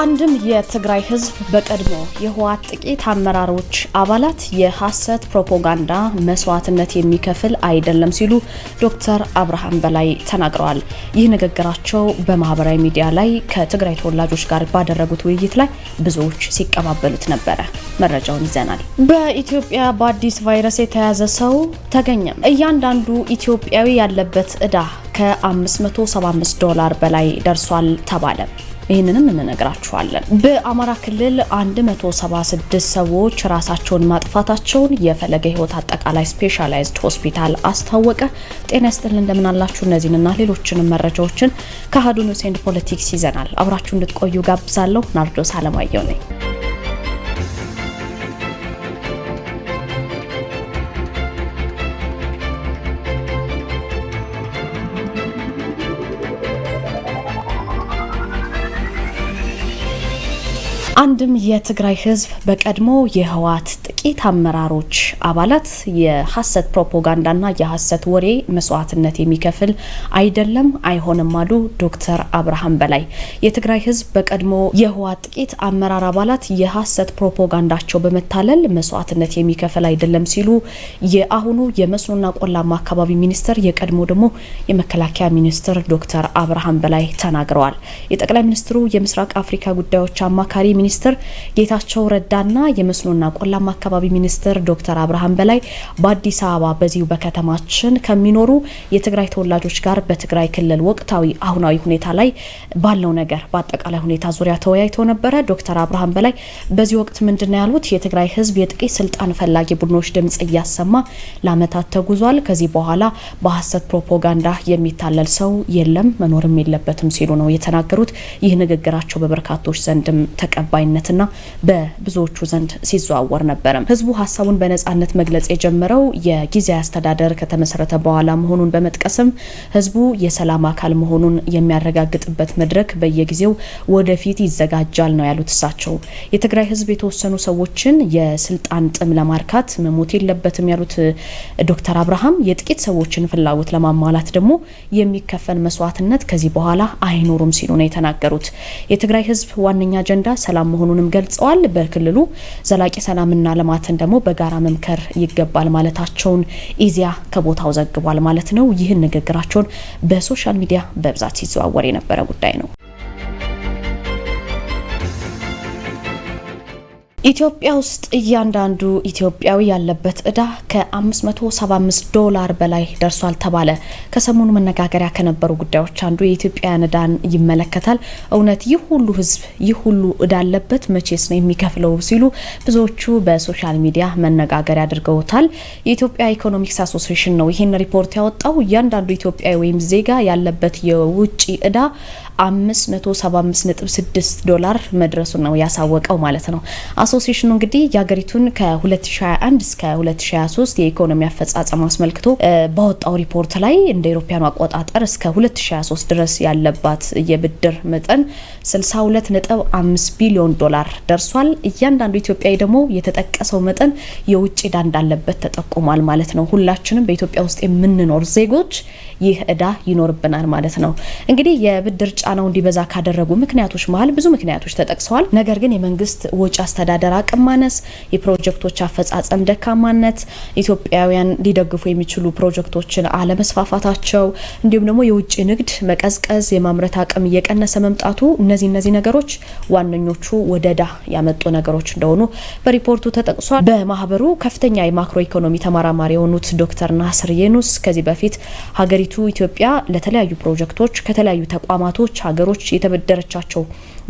አንድም የትግራይ ህዝብ በቀድሞ የህወሓት ጥቂት አመራሮች አባላት የሐሰት ፕሮፓጋንዳ መስዋዕትነት የሚከፍል አይደለም ሲሉ ዶክተር አብርሃም በላይ ተናግረዋል። ይህ ንግግራቸው በማህበራዊ ሚዲያ ላይ ከትግራይ ተወላጆች ጋር ባደረጉት ውይይት ላይ ብዙዎች ሲቀባበሉት ነበረ። መረጃውን ይዘናል። በኢትዮጵያ በአዲስ ቫይረስ የተያዘ ሰው ተገኘም። እያንዳንዱ ኢትዮጵያዊ ያለበት ዕዳ ከ575 ዶላር በላይ ደርሷል ተባለ። ይህንንም እንነግራችኋለን። በአማራ ክልል 176 ሰዎች ራሳቸውን ማጥፋታቸውን የፈለገ ህይወት አጠቃላይ ስፔሻላይዝድ ሆስፒታል አስታወቀ። ጤና ይስጥልን እንደምናላችሁ። እነዚህንና ሌሎችንም መረጃዎችን ከአሀዱ ኒውስ ኤንድ ፖለቲክስ ይዘናል። አብራችሁ እንድትቆዩ ጋብዛለሁ። ናርዶስ አለማየሁ ነኝ። አንድም የትግራይ ህዝብ በቀድሞ የህወሓት ጥቂት አመራሮች አባላት የሐሰት ፕሮፓጋንዳና የሐሰት ወሬ መስዋዕትነት የሚከፍል አይደለም አይሆንም አሉ ዶክተር አብርሃም በላይ። የትግራይ ህዝብ በቀድሞ የህወሓት ጥቂት አመራር አባላት የሐሰት ፕሮፓጋንዳቸው በመታለል መስዋዕትነት የሚከፍል አይደለም ሲሉ የአሁኑ የመስኖና ቆላማ አካባቢ ሚኒስትር የቀድሞ ደግሞ የመከላከያ ሚኒስትር ዶክተር አብርሃም በላይ ተናግረዋል። የጠቅላይ ሚኒስትሩ የምስራቅ አፍሪካ ጉዳዮች አማካሪ ሚኒስትር ጌታቸው ረዳና የመስኖና ቆላማ አካባቢ አካባቢ ሚኒስትር ዶክተር አብርሃም በላይ በአዲስ አበባ በዚሁ በከተማችን ከሚኖሩ የትግራይ ተወላጆች ጋር በትግራይ ክልል ወቅታዊ አሁናዊ ሁኔታ ላይ ባለው ነገር በአጠቃላይ ሁኔታ ዙሪያ ተወያይተው ነበረ። ዶክተር አብርሃም በላይ በዚህ ወቅት ምንድነው ያሉት? የትግራይ ህዝብ የጥቂት ስልጣን ፈላጊ ቡድኖች ድምጽ እያሰማ ለአመታት ተጉዟል። ከዚህ በኋላ በሀሰት ፕሮፓጋንዳ የሚታለል ሰው የለም መኖርም የለበትም ሲሉ ነው የተናገሩት። ይህ ንግግራቸው በበርካቶች ዘንድም ተቀባይነትና በብዙዎቹ ዘንድ ሲዘዋወር ነበረ። አይደለም። ህዝቡ ሀሳቡን በነጻነት መግለጽ የጀመረው የጊዜያዊ አስተዳደር ከተመሰረተ በኋላ መሆኑን በመጥቀስም ህዝቡ የሰላም አካል መሆኑን የሚያረጋግጥበት መድረክ በየጊዜው ወደፊት ይዘጋጃል ነው ያሉት እሳቸው። የትግራይ ህዝብ የተወሰኑ ሰዎችን የስልጣን ጥም ለማርካት መሞት የለበትም ያሉት ዶክተር አብርሃም የጥቂት ሰዎችን ፍላጎት ለማሟላት ደግሞ የሚከፈል መስዋዕትነት ከዚህ በኋላ አይኖሩም ሲሉ ነው የተናገሩት። የትግራይ ህዝብ ዋነኛ አጀንዳ ሰላም መሆኑንም ገልጸዋል። በክልሉ ዘላቂ ሰላምና ለማ ተቋማትን ደግሞ በጋራ መምከር ይገባል ማለታቸውን ኢዜአ ከቦታው ዘግቧል ማለት ነው። ይህን ንግግራቸውን በሶሻል ሚዲያ በብዛት ሲዘዋወር የነበረ ጉዳይ ነው። ኢትዮጵያ ውስጥ እያንዳንዱ ኢትዮጵያዊ ያለበት እዳ ከ575 ዶላር በላይ ደርሷል ተባለ። ከሰሞኑ መነጋገሪያ ከነበሩ ጉዳዮች አንዱ የኢትዮጵያን እዳን ይመለከታል። እውነት ይህ ሁሉ ህዝብ ይህ ሁሉ እዳ አለበት? መቼስ ነው የሚከፍለው? ሲሉ ብዙዎቹ በሶሻል ሚዲያ መነጋገሪያ አድርገውታል። የኢትዮጵያ ኢኮኖሚክስ አሶሲሽን ነው ይህን ሪፖርት ያወጣው። እያንዳንዱ ኢትዮጵያዊ ወይም ዜጋ ያለበት የውጭ እዳ 575.6 ዶላር መድረሱን ነው ያሳወቀው ማለት ነው። አሶሲሽኑ እንግዲህ የሀገሪቱን ከ2021 እስከ 2023 የኢኮኖሚ አፈጻጸም አስመልክቶ ባወጣው ሪፖርት ላይ እንደ ኢሮፓያኑ አቆጣጠር እስከ 2023 ድረስ ያለባት የብድር መጠን 62.5 ቢሊዮን ዶላር ደርሷል። እያንዳንዱ ኢትዮጵያዊ ደግሞ የተጠቀሰው መጠን የውጭ እዳ እንዳለበት ተጠቁሟል ማለት ነው። ሁላችንም በኢትዮጵያ ውስጥ የምንኖር ዜጎች ይህ እዳ ይኖርብናል ማለት ነው። እንግዲህ የብድር ጫናው እንዲበዛ ካደረጉ ምክንያቶች መሀል ብዙ ምክንያቶች ተጠቅሰዋል። ነገር ግን የመንግስት ወጪ አስተዳደር አቅም ማነስ፣ የፕሮጀክቶች አፈጻጸም ደካማነት፣ ኢትዮጵያውያን ሊደግፉ የሚችሉ ፕሮጀክቶችን አለመስፋፋታቸው፣ እንዲሁም ደግሞ የውጭ ንግድ መቀዝቀዝ፣ የማምረት አቅም እየቀነሰ መምጣቱ፣ እነዚህ እነዚህ ነገሮች ዋነኞቹ ወደ ዕዳ ያመጡ ነገሮች እንደሆኑ በሪፖርቱ ተጠቅሷል። በማህበሩ ከፍተኛ የማክሮ ኢኮኖሚ ተመራማሪ የሆኑት ዶክተር ናስር የኑስ ከዚህ በፊት ሀገሪቱ ኢትዮጵያ ለተለያዩ ፕሮጀክቶች ከተለያዩ ተቋማቶች ሀገሮች የተበደረቻቸው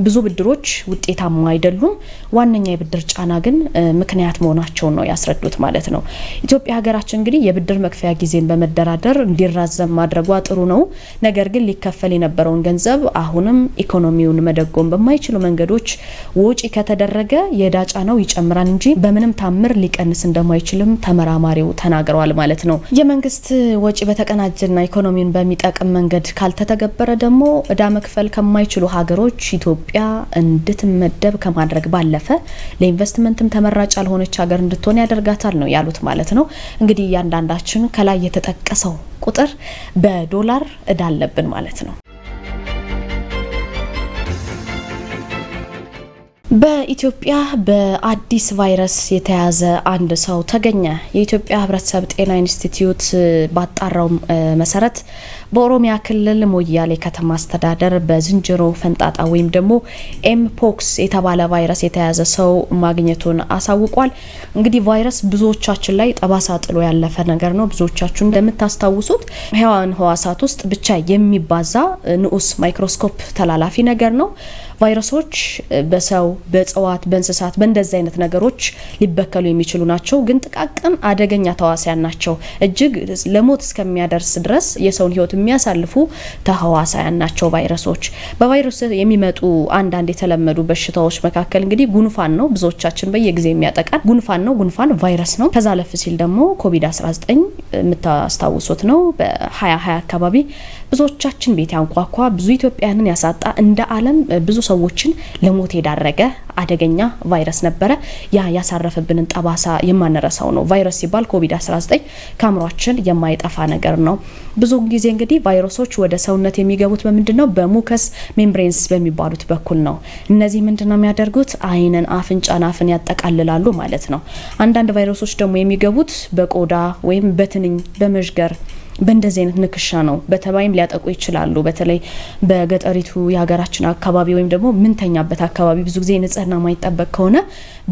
ብዙ ብድሮች ውጤታማ አይደሉም። ዋነኛ የብድር ጫና ግን ምክንያት መሆናቸውን ነው ያስረዱት ማለት ነው። ኢትዮጵያ ሀገራችን እንግዲህ የብድር መክፈያ ጊዜን በመደራደር እንዲራዘም ማድረጓ ጥሩ ነው። ነገር ግን ሊከፈል የነበረውን ገንዘብ አሁንም ኢኮኖሚውን መደጎም በማይችሉ መንገዶች ወጪ ከተደረገ የዕዳ ጫናው ይጨምራል እንጂ በምንም ታምር ሊቀንስ እንደማይችልም ተመራማሪው ተናግረዋል ማለት ነው። የመንግስት ወጪ በተቀናጀና ኢኮኖሚውን በሚጠቅም መንገድ ካልተተገበረ ደግሞ እዳ መክፈል ከማይችሉ ሀገሮች ኢትዮጵያ ኢትዮጵያ እንድትመደብ ከማድረግ ባለፈ ለኢንቨስትመንትም ተመራጭ ያልሆነች ሀገር እንድትሆን ያደርጋታል ነው ያሉት ማለት ነው። እንግዲህ እያንዳንዳችን ከላይ የተጠቀሰው ቁጥር በዶላር እዳ አለብን ማለት ነው። በኢትዮጵያ በአዲስ ቫይረስ የተያዘ አንድ ሰው ተገኘ። የኢትዮጵያ ሕብረተሰብ ጤና ኢንስቲትዩት ባጣራው መሰረት በኦሮሚያ ክልል ሞያሌ ከተማ አስተዳደር በዝንጀሮ ፈንጣጣ ወይም ደግሞ ኤምፖክስ የተባለ ቫይረስ የተያዘ ሰው ማግኘቱን አሳውቋል። እንግዲህ ቫይረስ ብዙዎቻችን ላይ ጠባሳ ጥሎ ያለፈ ነገር ነው። ብዙዎቻችሁ እንደምታስታውሱት ህዋን ህዋሳት ውስጥ ብቻ የሚባዛ ንዑስ ማይክሮስኮፕ ተላላፊ ነገር ነው። ቫይረሶች በሰው በእጽዋት፣ በእንስሳት በእንደዚህ አይነት ነገሮች ሊበከሉ የሚችሉ ናቸው። ግን ጥቃቅን አደገኛ ተዋሲያን ናቸው። እጅግ ለሞት እስከሚያደርስ ድረስ የሰውን ህይወት የሚያሳልፉ ተህዋሳያን ናቸው ቫይረሶች። በቫይረስ የሚመጡ አንዳንድ የተለመዱ በሽታዎች መካከል እንግዲህ ጉንፋን ነው። ብዙዎቻችን በየጊዜ የሚያጠቃን ጉንፋን ነው። ጉንፋን ቫይረስ ነው። ከዛ ሲል ደግሞ ኮቪድ-19 የምታስታውሱት ነው በ2020 አካባቢ ብዙዎቻችን ቤት ያንኳኳ፣ ብዙ ኢትዮጵያንን ያሳጣ፣ እንደ ዓለም ብዙ ሰዎችን ለሞት የዳረገ አደገኛ ቫይረስ ነበረ። ያ ያሳረፈብንን ጠባሳ የማንረሳው ነው። ቫይረስ ሲባል ኮቪድ-19 ከአእምሯችን የማይጠፋ ነገር ነው። ብዙ ጊዜ እንግዲህ ቫይረሶች ወደ ሰውነት የሚገቡት በምንድን ነው? በሙከስ ሜምብሬንስ በሚባሉት በኩል ነው። እነዚህ ምንድን ነው የሚያደርጉት? አይንን አፍንጫን፣ አፍን ያጠቃልላሉ ማለት ነው። አንዳንድ ቫይረሶች ደግሞ የሚገቡት በቆዳ ወይም በትንኝ በመዥገር በእንደዚህ አይነት ንክሻ ነው በተባይም ሊያጠቁ ይችላሉ። በተለይ በገጠሪቱ የሀገራችን አካባቢ ወይም ደግሞ ምንተኛበት አካባቢ ብዙ ጊዜ ንጽህና ማይጠበቅ ከሆነ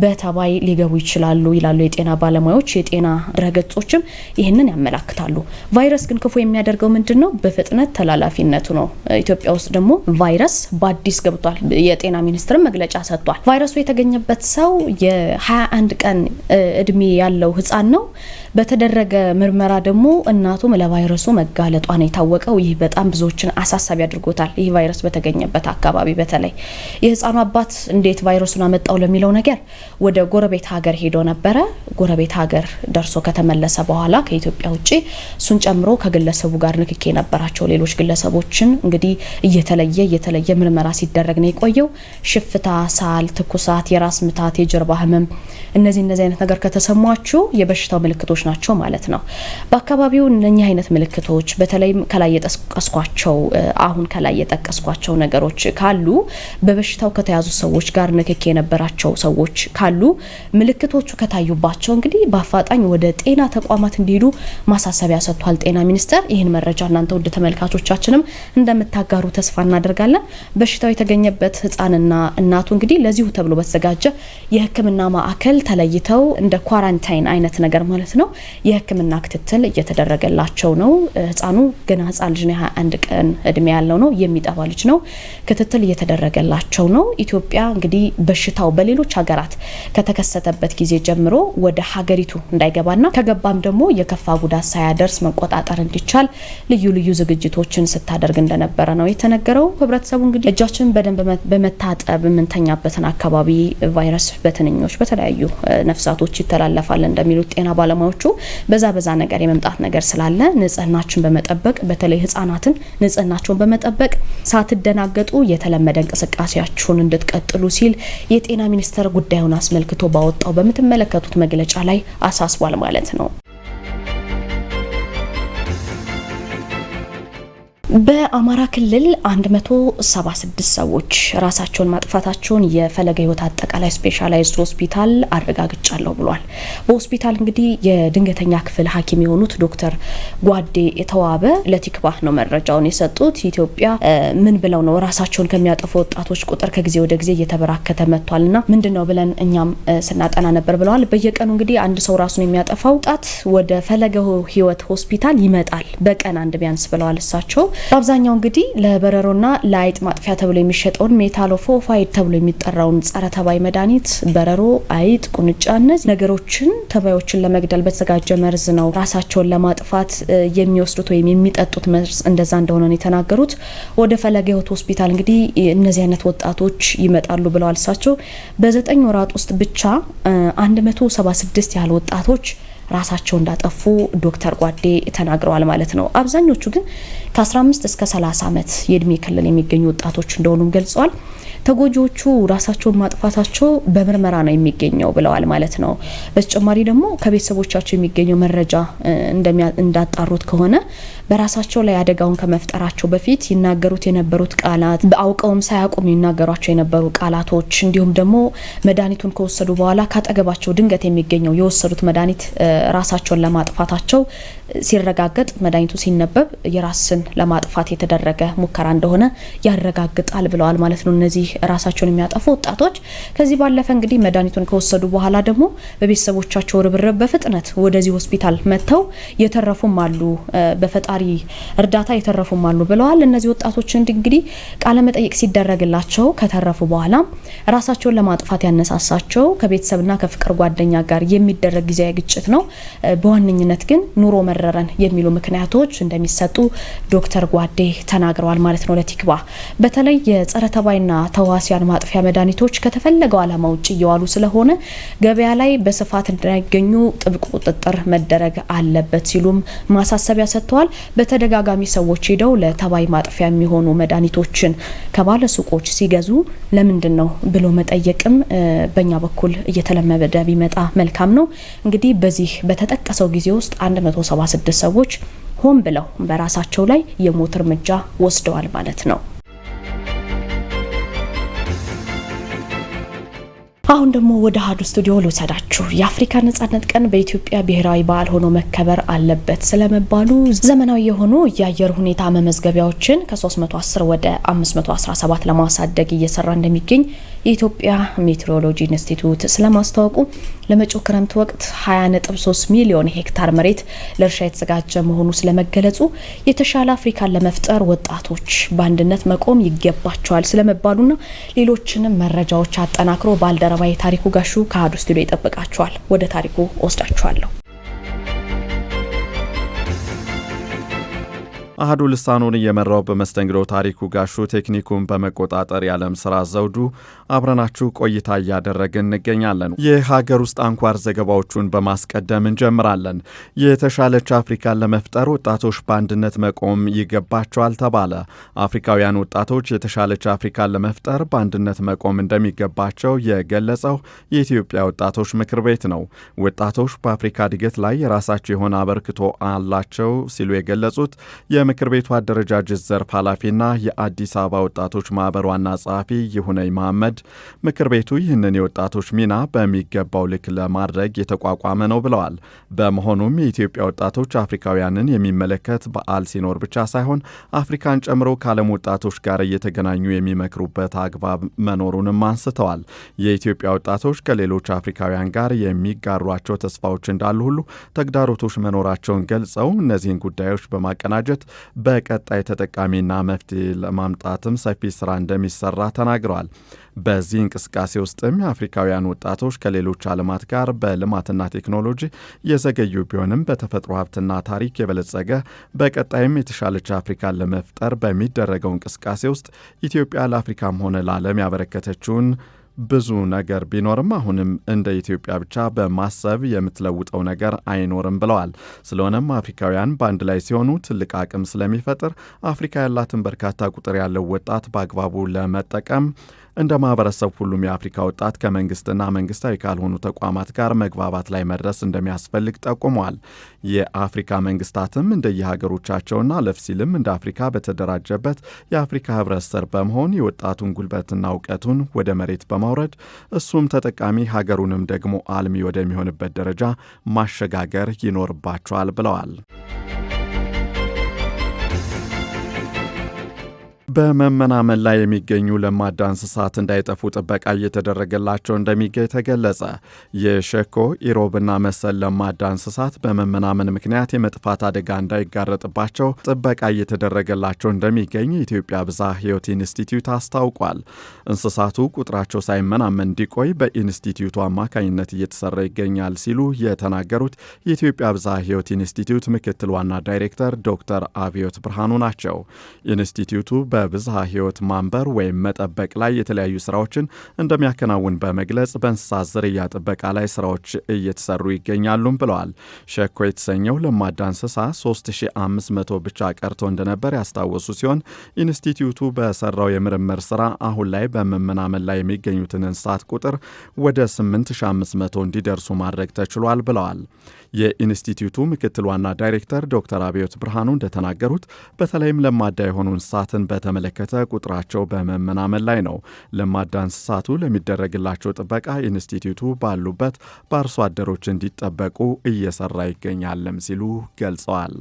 በተባይ ሊገቡ ይችላሉ ይላሉ የጤና ባለሙያዎች። የጤና ድረገጾችም ይህንን ያመላክታሉ። ቫይረስ ግን ክፉ የሚያደርገው ምንድን ነው? በፍጥነት ተላላፊነቱ ነው። ኢትዮጵያ ውስጥ ደግሞ ቫይረስ በአዲስ ገብቷል። የጤና ሚኒስትርም መግለጫ ሰጥቷል። ቫይረሱ የተገኘበት ሰው የ21 ቀን እድሜ ያለው ህጻን ነው። በተደረገ ምርመራ ደግሞ እናቱ ለቫይረሱ መጋለጧን የታወቀው ይህ በጣም ብዙዎችን አሳሳቢ አድርጎታል። ይህ ቫይረስ በተገኘበት አካባቢ በተለይ የህፃኑ አባት እንዴት ቫይረሱን አመጣው ለሚለው ነገር ወደ ጎረቤት ሀገር ሄዶ ነበረ። ጎረቤት ሀገር ደርሶ ከተመለሰ በኋላ ከኢትዮጵያ ውጭ እሱን ጨምሮ ከግለሰቡ ጋር ንክኪ የነበራቸው ሌሎች ግለሰቦችን እንግዲህ እየተለየ እየተለየ ምርመራ ሲደረግ ነው የቆየው። ሽፍታ፣ ሳል፣ ትኩሳት፣ የራስ ምታት፣ የጀርባ ህመም እነዚህ እነዚህ አይነት ነገር ከተሰሟችሁ የበሽታው ምልክቶች ናቸው ማለት ነው። በአካባቢው እነኚህ አይነት ምልክቶች በተለይም ከላይ የጠቀስኳቸው አሁን ከላይ የጠቀስኳቸው ነገሮች ካሉ በበሽታው ከተያዙ ሰዎች ጋር ንክኪ የነበራቸው ሰዎች ካሉ ምልክቶቹ ከታዩባቸው ያለባቸው እንግዲህ በአፋጣኝ ወደ ጤና ተቋማት እንዲሄዱ ማሳሰቢያ ሰጥቷል ጤና ሚኒስቴር። ይህን መረጃ እናንተ ውድ ተመልካቾቻችንም እንደምታጋሩ ተስፋ እናደርጋለን። በሽታው የተገኘበት ህፃንና እናቱ እንግዲህ ለዚሁ ተብሎ በተዘጋጀ የህክምና ማዕከል ተለይተው እንደ ኳራንታይን አይነት ነገር ማለት ነው የህክምና ክትትል እየተደረገላቸው ነው። ህፃኑ ገና ህፃን ልጅ ነው። የ21 ቀን እድሜ ያለው ነው። የሚጠባ ልጅ ነው። ክትትል እየተደረገላቸው ነው። ኢትዮጵያ እንግዲህ በሽታው በሌሎች ሀገራት ከተከሰተበት ጊዜ ጀምሮ ወደ ሀገሪቱ እንዳይገባና ከገባም ደግሞ የከፋ ጉዳት ሳያደርስ መቆጣጠር እንዲቻል ልዩ ልዩ ዝግጅቶችን ስታደርግ እንደነበረ ነው የተነገረው። ህብረተሰቡ እንግዲህ እጃችን በደንብ በመታጠብ የምንተኛበትን አካባቢ ቫይረስ በትንኞች በተለያዩ ነፍሳቶች ይተላለፋል እንደሚሉት ጤና ባለሙያዎቹ በዛ በዛ ነገር የመምጣት ነገር ስላለ ንጽህናችን በመጠበቅ በተለይ ህጻናትን ንጽህናቸውን በመጠበቅ ሳትደናገጡ የተለመደ እንቅስቃሴያችሁን እንድትቀጥሉ ሲል የጤና ሚኒስቴር ጉዳዩን አስመልክቶ ባወጣው በምትመለከቱት መግለ መግለጫ ላይ አሳስቧል ማለት ነው። በአማራ ክልል 176 ሰዎች ራሳቸውን ማጥፋታቸውን የፈለገ ህይወት አጠቃላይ ስፔሻላይዝድ ሆስፒታል አረጋግጫለሁ ብሏል። በሆስፒታል እንግዲህ የድንገተኛ ክፍል ሐኪም የሆኑት ዶክተር ጓዴ የተዋበ ለቲክባህ ነው መረጃውን የሰጡት። ኢትዮጵያ ምን ብለው ነው ራሳቸውን ከሚያጠፉ ወጣቶች ቁጥር ከጊዜ ወደ ጊዜ እየተበራከተ መጥቷል ምንድነው ምንድን ነው ብለን እኛም ስናጠና ነበር ብለዋል። በየቀኑ እንግዲህ አንድ ሰው ራሱን የሚያጠፋ ወጣት ወደ ፈለገ ህይወት ሆስፒታል ይመጣል፣ በቀን አንድ ቢያንስ ብለዋል እሳቸው በአብዛኛው እንግዲህ ለበረሮና ለአይጥ ማጥፊያ ተብሎ የሚሸጠውን ሜታሎፎፋይድ ተብሎ የሚጠራውን ጸረ ተባይ መድኃኒት በረሮ፣ አይጥ፣ ቁንጫ እነዚህ ነገሮችን ተባዮችን ለመግደል በተዘጋጀ መርዝ ነው ራሳቸውን ለማጥፋት የሚወስዱት ወይም የሚጠጡት መርዝ እንደዛ እንደሆነ ነው የተናገሩት። ወደ ፈለገ ሕይወት ሆስፒታል እንግዲህ እነዚህ አይነት ወጣቶች ይመጣሉ ብለዋል እሳቸው በዘጠኝ ወራት ውስጥ ብቻ 176 ያህል ወጣቶች ራሳቸው እንዳጠፉ ዶክተር ጓዴ ተናግረዋል ማለት ነው። አብዛኞቹ ግን ከ15 እስከ 30 ዓመት የእድሜ ክልል የሚገኙ ወጣቶች እንደሆኑም ገልጸዋል። ተጎጂዎቹ ራሳቸውን ማጥፋታቸው በምርመራ ነው የሚገኘው ብለዋል ማለት ነው። በተጨማሪ ደግሞ ከቤተሰቦቻቸው የሚገኘው መረጃ እንዳጣሩት ከሆነ በራሳቸው ላይ አደጋውን ከመፍጠራቸው በፊት ይናገሩት የነበሩት ቃላት አውቀውም ሳያውቁም ይናገሯቸው የነበሩ ቃላቶች እንዲሁም ደግሞ መድኃኒቱን ከወሰዱ በኋላ ካጠገባቸው ድንገት የሚገኘው የወሰዱት መድኃኒት ራሳቸውን ለማጥፋታቸው ሲረጋገጥ መድኃኒቱ ሲነበብ የራስን ለማጥፋት የተደረገ ሙከራ እንደሆነ ያረጋግጣል ብለዋል ማለት ነው እነዚህ ራሳቸውን የሚያጠፉ ወጣቶች። ከዚህ ባለፈ እንግዲህ መድኃኒቱን ከወሰዱ በኋላ ደግሞ በቤተሰቦቻቸው ርብርብ በፍጥነት ወደዚህ ሆስፒታል መጥተው የተረፉም አሉ። በፈጣ ፈጣሪ እርዳታ የተረፉም አሉ ብለዋል። እነዚህ ወጣቶች እንግዲህ ቃለመጠይቅ ሲደረግላቸው ከተረፉ በኋላ ራሳቸውን ለማጥፋት ያነሳሳቸው ከቤተሰብና ከፍቅር ጓደኛ ጋር የሚደረግ ጊዜያዊ ግጭት ነው። በዋነኝነት ግን ኑሮ መረረን የሚሉ ምክንያቶች እንደሚሰጡ ዶክተር ጓዴ ተናግረዋል ማለት ነው ለቲክባ። በተለይ የጸረ ተባይና ተዋሲያን ማጥፊያ መድኃኒቶች ከተፈለገው ዓላማ ውጭ እየዋሉ ስለሆነ ገበያ ላይ በስፋት እንዳይገኙ ጥብቅ ቁጥጥር መደረግ አለበት ሲሉም ማሳሰቢያ ሰጥተዋል። በተደጋጋሚ ሰዎች ሄደው ለተባይ ማጥፊያ የሚሆኑ መድኃኒቶችን ከባለ ሱቆች ሲገዙ ለምንድን ነው ብሎ መጠየቅም በእኛ በኩል እየተለመደ ቢመጣ መልካም ነው። እንግዲህ በዚህ በተጠቀሰው ጊዜ ውስጥ 176 ሰዎች ሆን ብለው በራሳቸው ላይ የሞት እርምጃ ወስደዋል ማለት ነው። አሁን ደግሞ ወደ ሀዱ ስቱዲዮ ልውሰዳችሁ። የአፍሪካ ነጻነት ቀን በኢትዮጵያ ብሔራዊ በዓል ሆኖ መከበር አለበት ስለመባሉ ዘመናዊ የሆኑ የአየር ሁኔታ መመዝገቢያዎችን ከ310 ወደ 517 ለማሳደግ እየሰራ እንደሚገኝ የኢትዮጵያ ሜትሮሎጂ ኢንስቲትዩት ስለማስታወቁ ለመጪው ክረምት ወቅት 20.3 ሚሊዮን ሄክታር መሬት ለእርሻ የተዘጋጀ መሆኑ ስለመገለጹ፣ የተሻለ አፍሪካን ለመፍጠር ወጣቶች በአንድነት መቆም ይገባቸዋል ስለመባሉና ሌሎችንም መረጃዎች አጠናክሮ ባልደረባ የታሪኩ ጋሹ ከአሀዱ ስቱዲዮ ይጠብቃቸዋል። ወደ ታሪኩ ወስዳችኋለሁ። አህዱ ልሳኑን እየመራው በመስተንግዶ ታሪኩ ጋሹ፣ ቴክኒኩን በመቆጣጠር የዓለም ስራ ዘውዱ፣ አብረናችሁ ቆይታ እያደረግን እንገኛለን። የሀገር ውስጥ አንኳር ዘገባዎቹን በማስቀደም እንጀምራለን። የተሻለች አፍሪካን ለመፍጠር ወጣቶች በአንድነት መቆም ይገባቸዋል ተባለ። አፍሪካውያን ወጣቶች የተሻለች አፍሪካን ለመፍጠር በአንድነት መቆም እንደሚገባቸው የገለጸው የኢትዮጵያ ወጣቶች ምክር ቤት ነው። ወጣቶች በአፍሪካ እድገት ላይ የራሳቸው የሆነ አበርክቶ አላቸው ሲሉ የገለጹት ምክር ቤቱ አደረጃጀት ዘርፍ ኃላፊና የአዲስ አበባ ወጣቶች ማኅበር ዋና ጸሐፊ ይሁነኝ መሐመድ ምክር ቤቱ ይህንን የወጣቶች ሚና በሚገባው ልክ ለማድረግ የተቋቋመ ነው ብለዋል። በመሆኑም የኢትዮጵያ ወጣቶች አፍሪካውያንን የሚመለከት በዓል ሲኖር ብቻ ሳይሆን አፍሪካን ጨምሮ ከዓለም ወጣቶች ጋር እየተገናኙ የሚመክሩበት አግባብ መኖሩንም አንስተዋል። የኢትዮጵያ ወጣቶች ከሌሎች አፍሪካውያን ጋር የሚጋሯቸው ተስፋዎች እንዳሉ ሁሉ ተግዳሮቶች መኖራቸውን ገልጸው እነዚህን ጉዳዮች በማቀናጀት በቀጣይ ተጠቃሚና መፍትሄ ለማምጣትም ሰፊ ስራ እንደሚሰራ ተናግረዋል። በዚህ እንቅስቃሴ ውስጥም የአፍሪካውያን ወጣቶች ከሌሎች ዓለማት ጋር በልማትና ቴክኖሎጂ የዘገዩ ቢሆንም በተፈጥሮ ሀብትና ታሪክ የበለጸገ በቀጣይም የተሻለች አፍሪካን ለመፍጠር በሚደረገው እንቅስቃሴ ውስጥ ኢትዮጵያ ለአፍሪካም ሆነ ለዓለም ያበረከተችውን ብዙ ነገር ቢኖርም አሁንም እንደ ኢትዮጵያ ብቻ በማሰብ የምትለውጠው ነገር አይኖርም ብለዋል። ስለሆነም አፍሪካውያን በአንድ ላይ ሲሆኑ ትልቅ አቅም ስለሚፈጥር አፍሪካ ያላትን በርካታ ቁጥር ያለው ወጣት በአግባቡ ለመጠቀም እንደ ማህበረሰብ ሁሉም የአፍሪካ ወጣት ከመንግስትና መንግስታዊ ካልሆኑ ተቋማት ጋር መግባባት ላይ መድረስ እንደሚያስፈልግ ጠቁመዋል። የአፍሪካ መንግስታትም እንደየሀገሮቻቸውና ለፍሲልም እንደ አፍሪካ በተደራጀበት የአፍሪካ ህብረት ስር በመሆን የወጣቱን ጉልበትና እውቀቱን ወደ መሬት በማውረድ እሱም ተጠቃሚ ሀገሩንም ደግሞ አልሚ ወደሚሆንበት ደረጃ ማሸጋገር ይኖርባቸዋል ብለዋል። በመመናመን ላይ የሚገኙ ለማዳ እንስሳት እንዳይጠፉ ጥበቃ እየተደረገላቸው እንደሚገኝ ተገለጸ። የሸኮ ኢሮብና መሰል ለማዳ እንስሳት በመመናመን ምክንያት የመጥፋት አደጋ እንዳይጋረጥባቸው ጥበቃ እየተደረገላቸው እንደሚገኝ የኢትዮጵያ ብዝሃ ሕይወት ኢንስቲትዩት አስታውቋል። እንስሳቱ ቁጥራቸው ሳይመናመን እንዲቆይ በኢንስቲትዩቱ አማካኝነት እየተሰራ ይገኛል ሲሉ የተናገሩት የኢትዮጵያ ብዝሃ ሕይወት ኢንስቲትዩት ምክትል ዋና ዳይሬክተር ዶክተር አብዮት ብርሃኑ ናቸው። ኢንስቲትዩቱ በ በብዝሃ ህይወት ማንበር ወይም መጠበቅ ላይ የተለያዩ ስራዎችን እንደሚያከናውን በመግለጽ በእንስሳት ዝርያ ጥበቃ ላይ ስራዎች እየተሰሩ ይገኛሉም ብለዋል። ሸኮ የተሰኘው ለማዳ እንስሳ 3500 ብቻ ቀርቶ እንደነበር ያስታወሱ ሲሆን ኢንስቲትዩቱ በሰራው የምርምር ስራ አሁን ላይ በመመናመን ላይ የሚገኙትን እንስሳት ቁጥር ወደ 8500 እንዲደርሱ ማድረግ ተችሏል ብለዋል። የኢንስቲትዩቱ ምክትል ዋና ዳይሬክተር ዶክተር አብዮት ብርሃኑ እንደተናገሩት በተለይም ለማዳ የሆኑ እንስሳትን በተመለከተ ቁጥራቸው በመመናመን ላይ ነው። ለማዳ እንስሳቱ ለሚደረግላቸው ጥበቃ ኢንስቲትዩቱ ባሉበት በአርሶ አደሮች እንዲጠበቁ እየሰራ ይገኛልም ሲሉ ገልጸዋል።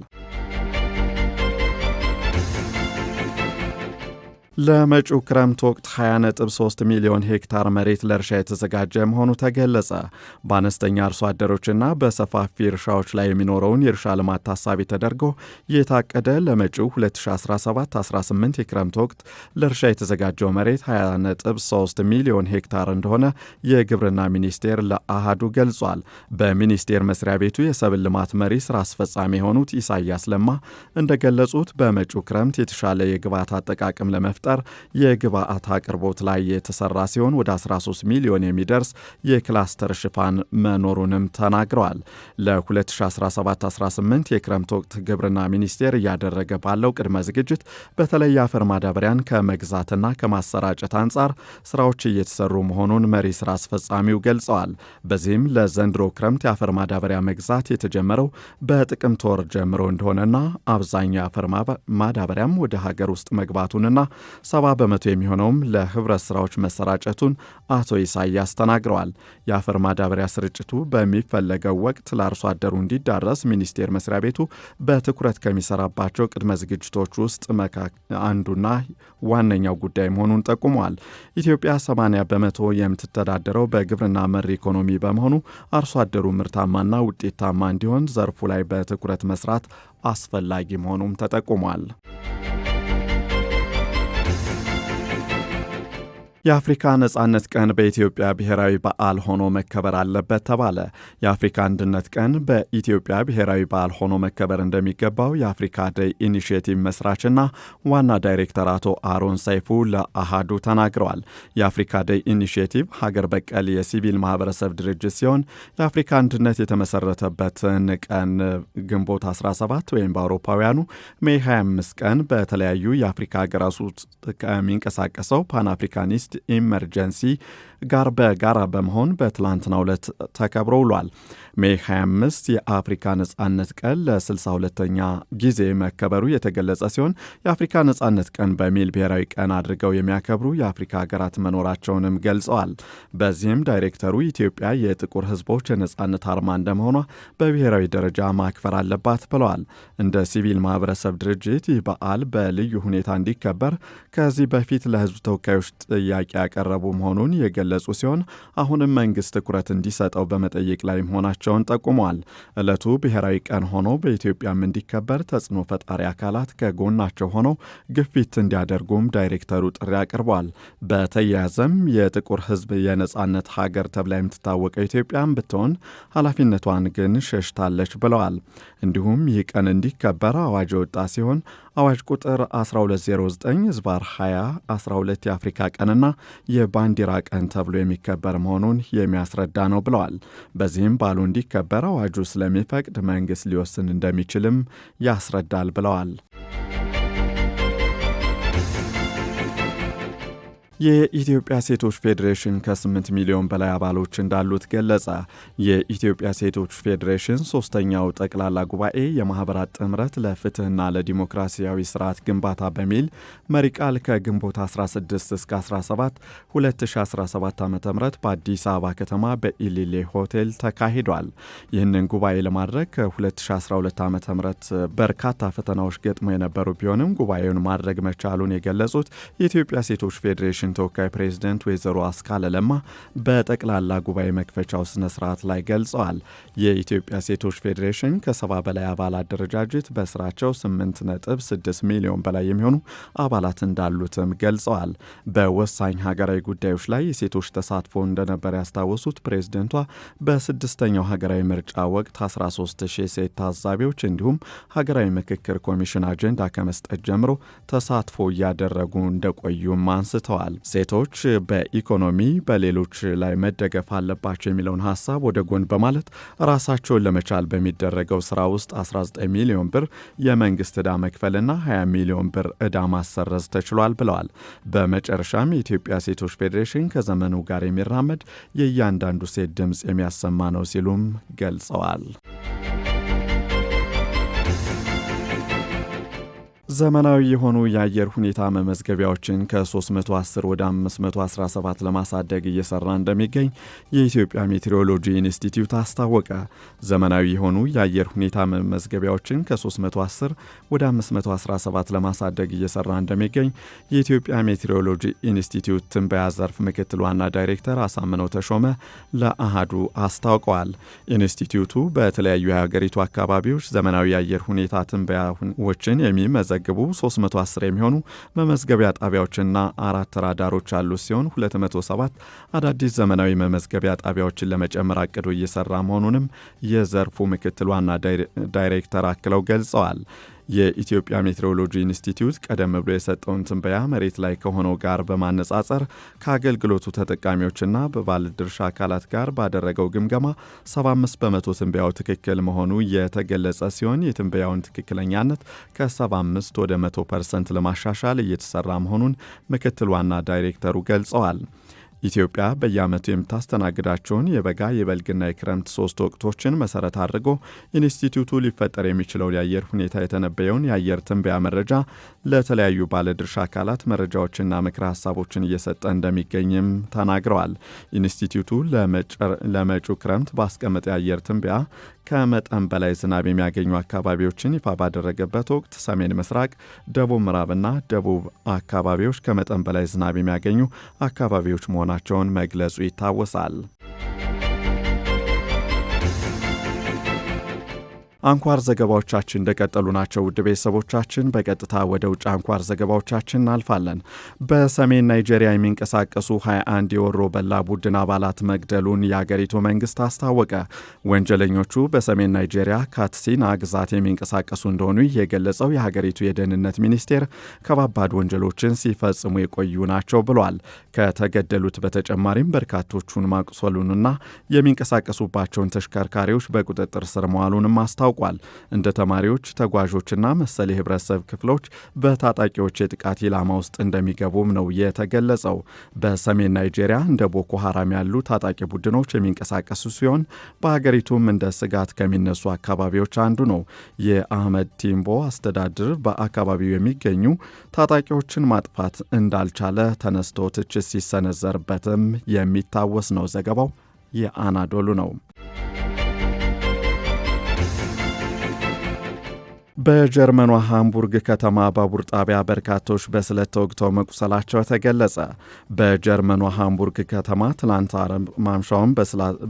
ለመጪው ክረምት ወቅት 23 ሚሊዮን ሄክታር መሬት ለእርሻ የተዘጋጀ መሆኑ ተገለጸ። በአነስተኛ አርሶ አደሮችና በሰፋፊ እርሻዎች ላይ የሚኖረውን የእርሻ ልማት ታሳቢ ተደርጎ የታቀደ ለመጪው 2017/18 የክረምት ወቅት ለእርሻ የተዘጋጀው መሬት 23 ሚሊዮን ሄክታር እንደሆነ የግብርና ሚኒስቴር ለአሃዱ ገልጿል። በሚኒስቴር መስሪያ ቤቱ የሰብል ልማት መሪ ስራ አስፈጻሚ የሆኑት ኢሳያስ ለማ እንደገለጹት በመጪው ክረምት የተሻለ የግብዓት አጠቃቅም ለመፍጠር አንጻር የግብአት አቅርቦት ላይ የተሰራ ሲሆን ወደ 13 ሚሊዮን የሚደርስ የክላስተር ሽፋን መኖሩንም ተናግረዋል። ለ2017/18 የክረምት ወቅት ግብርና ሚኒስቴር እያደረገ ባለው ቅድመ ዝግጅት በተለይ የአፈር ማዳበሪያን ከመግዛትና ከማሰራጨት አንጻር ስራዎች እየተሰሩ መሆኑን መሪ ስራ አስፈጻሚው ገልጸዋል። በዚህም ለዘንድሮ ክረምት የአፈር ማዳበሪያ መግዛት የተጀመረው በጥቅምት ወር ጀምሮ እንደሆነና አብዛኛው የአፈር ማዳበሪያም ወደ ሀገር ውስጥ መግባቱንና 70 በመቶ የሚሆነውም ለህብረት ስራዎች መሰራጨቱን አቶ ኢሳያስ ተናግረዋል። የአፈር ማዳበሪያ ስርጭቱ በሚፈለገው ወቅት ለአርሶ አደሩ እንዲዳረስ ሚኒስቴር መስሪያ ቤቱ በትኩረት ከሚሰራባቸው ቅድመ ዝግጅቶች ውስጥ አንዱና ዋነኛው ጉዳይ መሆኑን ጠቁመዋል። ኢትዮጵያ 80 በመቶ የምትተዳደረው በግብርና መር ኢኮኖሚ በመሆኑ አርሶ አደሩ ምርታማና ውጤታማ እንዲሆን ዘርፉ ላይ በትኩረት መስራት አስፈላጊ መሆኑም ተጠቁሟል። የአፍሪካ ነጻነት ቀን በኢትዮጵያ ብሔራዊ በዓል ሆኖ መከበር አለበት ተባለ። የአፍሪካ አንድነት ቀን በኢትዮጵያ ብሔራዊ በዓል ሆኖ መከበር እንደሚገባው የአፍሪካ ደይ ኢኒሽቲቭ መስራችና ዋና ዳይሬክተር አቶ አሮን ሰይፉ ለአሃዱ ተናግረዋል። የአፍሪካ ደይ ኢኒሽቲቭ ሀገር በቀል የሲቪል ማህበረሰብ ድርጅት ሲሆን የአፍሪካ አንድነት የተመሰረተበትን ቀን ግንቦት 17 ወይም በአውሮፓውያኑ ሜይ 25 ቀን በተለያዩ የአፍሪካ ሀገራት ውስጥ ከሚንቀሳቀሰው ፓን አፍሪካኒስት emergency ጋር በጋራ በመሆን በትላንትናው ዕለት ተከብሮ ውሏል። ሜይ 25 የአፍሪካ ነጻነት ቀን ለ62ኛ ጊዜ መከበሩ የተገለጸ ሲሆን የአፍሪካ ነጻነት ቀን በሚል ብሔራዊ ቀን አድርገው የሚያከብሩ የአፍሪካ ሀገራት መኖራቸውንም ገልጸዋል። በዚህም ዳይሬክተሩ ኢትዮጵያ የጥቁር ሕዝቦች የነጻነት አርማ እንደመሆኗ በብሔራዊ ደረጃ ማክበር አለባት ብለዋል። እንደ ሲቪል ማህበረሰብ ድርጅት ይህ በዓል በልዩ ሁኔታ እንዲከበር ከዚህ በፊት ለሕዝብ ተወካዮች ጥያቄ ያቀረቡ መሆኑን የገለ የገለጹ ሲሆን አሁንም መንግስት ትኩረት እንዲሰጠው በመጠየቅ ላይ መሆናቸውን ጠቁመዋል። እለቱ ብሔራዊ ቀን ሆኖ በኢትዮጵያም እንዲከበር ተጽዕኖ ፈጣሪ አካላት ከጎናቸው ሆነው ግፊት እንዲያደርጉም ዳይሬክተሩ ጥሪ አቅርቧል። በተያያዘም የጥቁር ህዝብ የነጻነት ሀገር ተብላ የምትታወቀው ኢትዮጵያም ብትሆን ኃላፊነቷን ግን ሸሽታለች ብለዋል። እንዲሁም ይህ ቀን እንዲከበር አዋጅ የወጣ ሲሆን አዋጅ ቁጥር 1209 ዝባር 20 12 የአፍሪካ ቀንና የባንዲራ ቀን ተብሎ የሚከበር መሆኑን የሚያስረዳ ነው ብለዋል። በዚህም በዓሉ እንዲከበር አዋጁ ስለሚፈቅድ መንግስት ሊወስን እንደሚችልም ያስረዳል ብለዋል። የኢትዮጵያ ሴቶች ፌዴሬሽን ከ8 ሚሊዮን በላይ አባሎች እንዳሉት ገለጸ። የኢትዮጵያ ሴቶች ፌዴሬሽን ሶስተኛው ጠቅላላ ጉባኤ የማኅበራት ጥምረት ለፍትህና ለዲሞክራሲያዊ ስርዓት ግንባታ በሚል መሪ ቃል ከግንቦት 16 እስከ 17 2017 ዓ ም በአዲስ አበባ ከተማ በኢሊሌ ሆቴል ተካሂዷል። ይህንን ጉባኤ ለማድረግ ከ2012 ዓ ም በርካታ ፈተናዎች ገጥሞ የነበሩ ቢሆንም ጉባኤውን ማድረግ መቻሉን የገለጹት የኢትዮጵያ ሴቶች ፌዴሬሽን የክልል ተወካይ ፕሬዚደንት ወይዘሮ አስካለ ለማ በጠቅላላ ጉባኤ መክፈቻው ስነ ስርዓት ላይ ገልጸዋል። የኢትዮጵያ ሴቶች ፌዴሬሽን ከሰባ በላይ አባል አደረጃጀት በስራቸው 8.6 ሚሊዮን በላይ የሚሆኑ አባላት እንዳሉትም ገልጸዋል። በወሳኝ ሀገራዊ ጉዳዮች ላይ የሴቶች ተሳትፎ እንደነበር ያስታወሱት ፕሬዝደንቷ በስድስተኛው ሀገራዊ ምርጫ ወቅት 130 ሴት ታዛቢዎች እንዲሁም ሀገራዊ ምክክር ኮሚሽን አጀንዳ ከመስጠት ጀምሮ ተሳትፎ እያደረጉ እንደቆዩም አንስተዋል። ሴቶች በኢኮኖሚ በሌሎች ላይ መደገፍ አለባቸው የሚለውን ሀሳብ ወደ ጎን በማለት ራሳቸውን ለመቻል በሚደረገው ስራ ውስጥ 19 ሚሊዮን ብር የመንግስት ዕዳ መክፈልና 20 ሚሊዮን ብር ዕዳ ማሰረዝ ተችሏል ብለዋል። በመጨረሻም የኢትዮጵያ ሴቶች ፌዴሬሽን ከዘመኑ ጋር የሚራመድ የእያንዳንዱ ሴት ድምፅ የሚያሰማ ነው ሲሉም ገልጸዋል። ዘመናዊ የሆኑ የአየር ሁኔታ መመዝገቢያዎችን ከ310 ወደ 517 ለማሳደግ እየሰራ እንደሚገኝ የኢትዮጵያ ሜትሮሎጂ ኢንስቲትዩት አስታወቀ። ዘመናዊ የሆኑ የአየር ሁኔታ መመዝገቢያዎችን ከ310 ወደ 517 ለማሳደግ እየሰራ እንደሚገኝ የኢትዮጵያ ሜትሮሎጂ ኢንስቲትዩት ትንበያ ዘርፍ ምክትል ዋና ዳይሬክተር አሳምነው ተሾመ ለአሃዱ አስታውቀዋል። ኢንስቲትዩቱ በተለያዩ የሀገሪቱ አካባቢዎች ዘመናዊ የአየር ሁኔታ ትንበያዎችን የሚመዘ የሚመዘግቡ 310 የሚሆኑ መመዝገቢያ ጣቢያዎችና አራት ራዳሮች ያሉት ሲሆን 207 አዳዲስ ዘመናዊ መመዝገቢያ ጣቢያዎችን ለመጨመር አቅዶ እየሰራ መሆኑንም የዘርፉ ምክትል ዋና ዳይሬክተር አክለው ገልጸዋል። የኢትዮጵያ ሜትሮሎጂ ኢንስቲትዩት ቀደም ብሎ የሰጠውን ትንበያ መሬት ላይ ከሆነው ጋር በማነጻጸር ከአገልግሎቱ ተጠቃሚዎችና በባለድርሻ አካላት ጋር ባደረገው ግምገማ 75 በመቶ ትንበያው ትክክል መሆኑ የተገለጸ ሲሆን የትንበያውን ትክክለኛነት ከ75 ወደ 100 ፐርሰንት ለማሻሻል እየተሰራ መሆኑን ምክትል ዋና ዳይሬክተሩ ገልጸዋል። ኢትዮጵያ በየዓመቱ የምታስተናግዳቸውን የበጋ የበልግና የክረምት ሶስት ወቅቶችን መሰረት አድርጎ ኢንስቲትዩቱ ሊፈጠር የሚችለውን የአየር ሁኔታ የተነበየውን የአየር ትንበያ መረጃ ለተለያዩ ባለድርሻ አካላት መረጃዎችና ምክረ ሀሳቦችን እየሰጠ እንደሚገኝም ተናግረዋል። ኢንስቲትዩቱ ለመጪው ክረምት ባስቀመጠ የአየር ትንበያ ከመጠን በላይ ዝናብ የሚያገኙ አካባቢዎችን ይፋ ባደረገበት ወቅት ሰሜን ምስራቅ፣ ደቡብ ምዕራብና ደቡብ አካባቢዎች ከመጠን በላይ ዝናብ የሚያገኙ አካባቢዎች መሆናቸውን መግለጹ ይታወሳል። አንኳር ዘገባዎቻችን እንደቀጠሉ ናቸው። ውድ ቤተሰቦቻችን በቀጥታ ወደ ውጭ አንኳር ዘገባዎቻችን እናልፋለን። በሰሜን ናይጄሪያ የሚንቀሳቀሱ 21 የወሮ በላ ቡድን አባላት መግደሉን የአገሪቱ መንግስት አስታወቀ። ወንጀለኞቹ በሰሜን ናይጄሪያ ካትሲና ግዛት የሚንቀሳቀሱ እንደሆኑ የገለጸው የሀገሪቱ የደህንነት ሚኒስቴር ከባባድ ወንጀሎችን ሲፈጽሙ የቆዩ ናቸው ብሏል። ከተገደሉት በተጨማሪም በርካቶቹን ማቁሰሉንና የሚንቀሳቀሱባቸውን ተሽከርካሪዎች በቁጥጥር ስር መዋሉንም አስታወቀ። ታውቋል። እንደ ተማሪዎች፣ ተጓዦችና መሰል የህብረተሰብ ክፍሎች በታጣቂዎች የጥቃት ኢላማ ውስጥ እንደሚገቡም ነው የተገለጸው። በሰሜን ናይጄሪያ እንደ ቦኮ ሀራም ያሉ ታጣቂ ቡድኖች የሚንቀሳቀሱ ሲሆን በሀገሪቱም እንደ ስጋት ከሚነሱ አካባቢዎች አንዱ ነው። የአህመድ ቲምቦ አስተዳድር በአካባቢው የሚገኙ ታጣቂዎችን ማጥፋት እንዳልቻለ ተነስቶ ትችት ሲሰነዘርበትም የሚታወስ ነው። ዘገባው የአናዶሉ ነው። በጀርመኗ ሃምቡርግ ከተማ ባቡር ጣቢያ በርካቶች በስለት ተወግተው መቁሰላቸው ተገለጸ። በጀርመኗ ሃምቡርግ ከተማ ትላንት አርብ ማምሻውን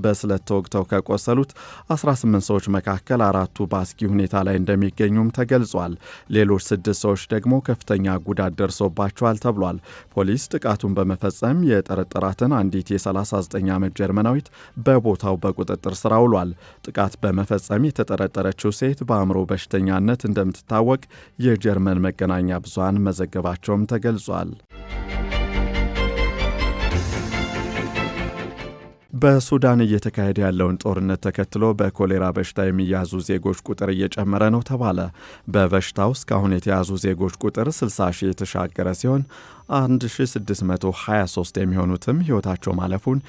በስለት ተወግተው ከቆሰሉት 18 ሰዎች መካከል አራቱ በአስጊ ሁኔታ ላይ እንደሚገኙም ተገልጿል። ሌሎች ስድስት ሰዎች ደግሞ ከፍተኛ ጉዳት ደርሶባቸዋል ተብሏል። ፖሊስ ጥቃቱን በመፈጸም የጠረጠራትን አንዲት የ39 ዓመት ጀርመናዊት በቦታው በቁጥጥር ስር አውሏል። ጥቃት በመፈጸም የተጠረጠረችው ሴት በአእምሮ በሽተኛነት በመገኘት እንደምትታወቅ የጀርመን መገናኛ ብዙሃን መዘገባቸውም ተገልጿል። በሱዳን እየተካሄደ ያለውን ጦርነት ተከትሎ በኮሌራ በሽታ የሚያዙ ዜጎች ቁጥር እየጨመረ ነው ተባለ። በበሽታው እስካሁን የተያዙ ዜጎች ቁጥር 60 ሺህ የተሻገረ ሲሆን 1623 የሚሆኑትም ሕይወታቸው ማለፉን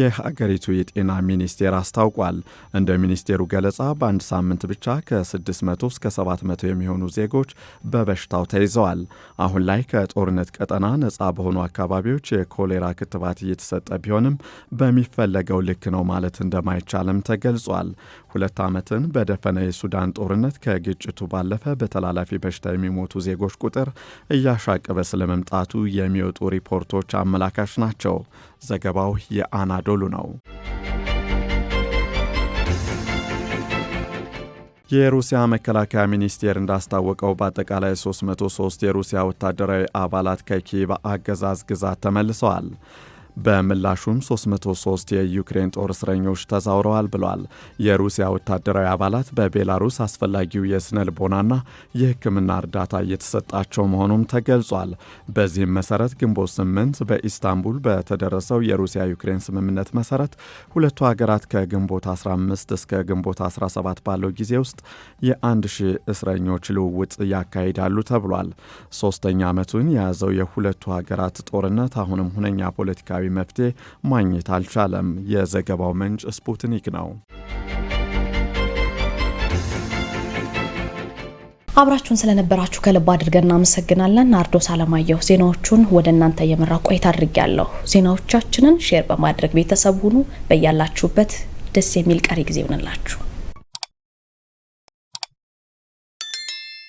የሀገሪቱ የጤና ሚኒስቴር አስታውቋል። እንደ ሚኒስቴሩ ገለጻ በአንድ ሳምንት ብቻ ከ600 እስከ 700 የሚሆኑ ዜጎች በበሽታው ተይዘዋል። አሁን ላይ ከጦርነት ቀጠና ነጻ በሆኑ አካባቢዎች የኮሌራ ክትባት እየተሰጠ ቢሆንም በሚፈለገው ልክ ነው ማለት እንደማይቻልም ተገልጿል። ሁለት ዓመትን በደፈነ የሱዳን ጦርነት ከግጭቱ ባለፈ በተላላፊ በሽታ የሚሞቱ ዜጎች ቁጥር እያሻቀበ ስለመምጣቱ የሚወጡ ሪፖርቶች አመላካች ናቸው። ዘገባው የአናዶሉ ነው። የሩሲያ መከላከያ ሚኒስቴር እንዳስታወቀው በአጠቃላይ 303 የሩሲያ ወታደራዊ አባላት ከኪየቭ አገዛዝ ግዛት ተመልሰዋል። በምላሹም 303 የዩክሬን ጦር እስረኞች ተዛውረዋል ብለዋል። የሩሲያ ወታደራዊ አባላት በቤላሩስ አስፈላጊው የስነ ልቦናና የሕክምና እርዳታ እየተሰጣቸው መሆኑም ተገልጿል። በዚህም መሰረት ግንቦት 8 በኢስታንቡል በተደረሰው የሩሲያ ዩክሬን ስምምነት መሰረት ሁለቱ ሀገራት ከግንቦት 15 እስከ ግንቦት 17 ባለው ጊዜ ውስጥ የአንድ ሺህ እስረኞች ልውውጥ ያካሂዳሉ ተብሏል። ሶስተኛ ዓመቱን የያዘው የሁለቱ ሀገራት ጦርነት አሁንም ሁነኛ ፖለቲካዊ ዘላቂያዊ መፍትሄ ማግኘት አልቻለም። የዘገባው ምንጭ ስፑትኒክ ነው። አብራችሁን ስለነበራችሁ ከልብ አድርገን እናመሰግናለን። አርዶ አለማየሁ ዜናዎቹን ወደ እናንተ የመራ ቆይታ አድርጌያለሁ ዜናዎቻችንን ሼር በማድረግ ቤተሰብ ሁኑ። በያላችሁበት ደስ የሚል ቀሪ ጊዜ ይሆንላችሁ።